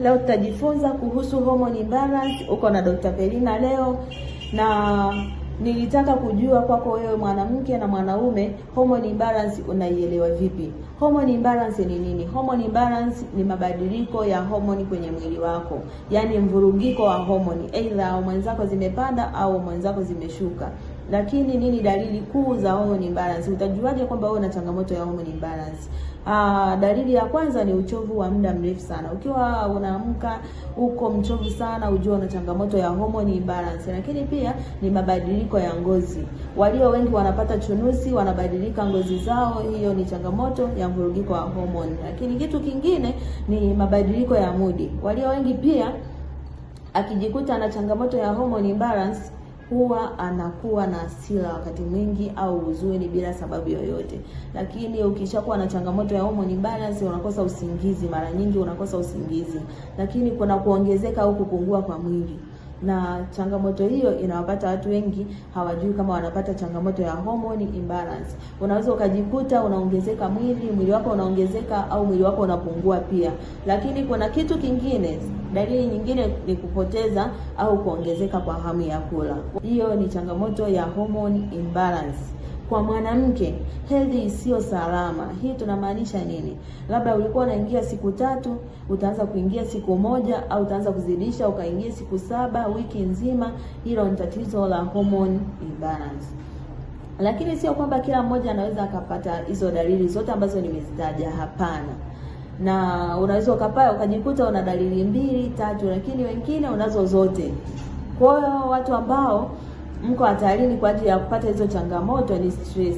Leo tutajifunza kuhusu hormone imbalance, uko na Dr. Pelina leo, na nilitaka kujua kwako wewe mwanamke na mwanaume, hormone imbalance unaielewa vipi? Hormone imbalance ni nini? Hormone imbalance ni mabadiliko ya hormone kwenye mwili wako, yaani mvurugiko wa hormone, aidha mwenzako zimepanda au mwenzako zimeshuka. Lakini nini dalili kuu za hormone imbalance? Utajuaje kwamba wewe una changamoto ya hormone imbalance? Aa, ah, dalili ya kwanza ni uchovu wa muda mrefu sana. Ukiwa unaamka uko mchovu sana, ujua una changamoto ya hormone imbalance. Lakini pia ni mabadiliko ya ngozi. Walio wengi wanapata chunusi, wanabadilika ngozi zao, hiyo ni changamoto ya mvurugiko wa hormone. Lakini kitu kingine ni mabadiliko ya mudi. Walio wengi pia akijikuta ana changamoto ya hormone imbalance huwa anakuwa na hasira wakati mwingi au huzuni bila sababu yoyote. Lakini ukishakuwa na changamoto ya homoni balance, unakosa usingizi, mara nyingi unakosa usingizi, lakini kuna kuongezeka au kupungua kwa mwili na changamoto hiyo inawapata watu wengi, hawajui kama wanapata changamoto ya hormone imbalance. Unaweza ukajikuta unaongezeka mwili, mwili wako unaongezeka au mwili wako unapungua pia. Lakini kuna kitu kingine, dalili nyingine ni kupoteza au kuongezeka kwa hamu ya kula. Hiyo ni changamoto ya hormone imbalance kwa mwanamke hedhi isiyo salama. Hii tunamaanisha nini? Labda ulikuwa unaingia siku tatu, utaanza kuingia siku moja au utaanza kuzidisha ukaingia siku saba, wiki nzima. Hilo ni tatizo la hormone imbalance lakini sio kwamba kila mmoja anaweza akapata hizo dalili zote ambazo nimezitaja. Hapana, na unaweza ukapata ukajikuta una dalili mbili tatu, lakini wengine unazo zote. Kwa hiyo watu ambao mko hatarini kwa ajili ya kupata hizo changamoto ni stress.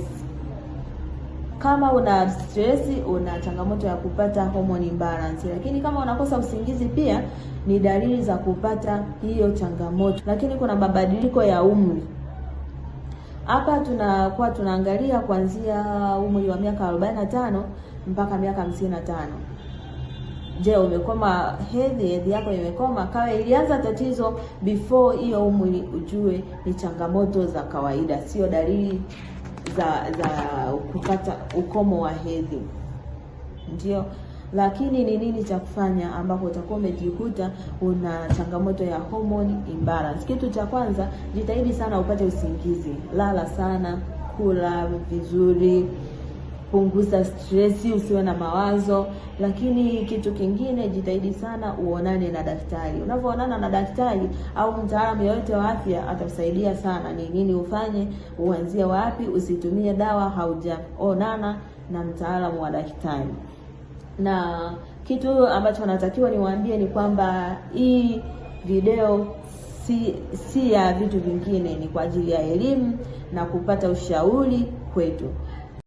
Kama una stress, una changamoto ya kupata hormone imbalance, lakini kama unakosa usingizi pia ni dalili za kupata hiyo changamoto. Lakini kuna mabadiliko ya umri hapa tunakuwa tunaangalia kuanzia umri wa miaka 45 mpaka miaka 55. Je, umekoma hedhi? Hedhi yako imekoma? Kawa ilianza tatizo before hiyo umri, ujue ni changamoto za kawaida, sio dalili za za kupata ukomo wa hedhi, ndio lakini ni nini cha kufanya ambapo utakuwa umejikuta una changamoto ya hormone imbalance? Kitu cha kwanza, jitahidi sana upate usingizi, lala sana, kula vizuri punguza stresi, usiwe na mawazo. Lakini kitu kingine, jitahidi sana uonane na daktari. Unavyoonana na daktari au mtaalamu yoyote wa afya, atakusaidia sana ni nini ufanye, uanzie wapi. Usitumie dawa haujaonana na mtaalamu wa daktari. Na kitu ambacho natakiwa niwaambie ni kwamba hii video si, si ya vitu vingine, ni kwa ajili ya elimu na kupata ushauri kwetu.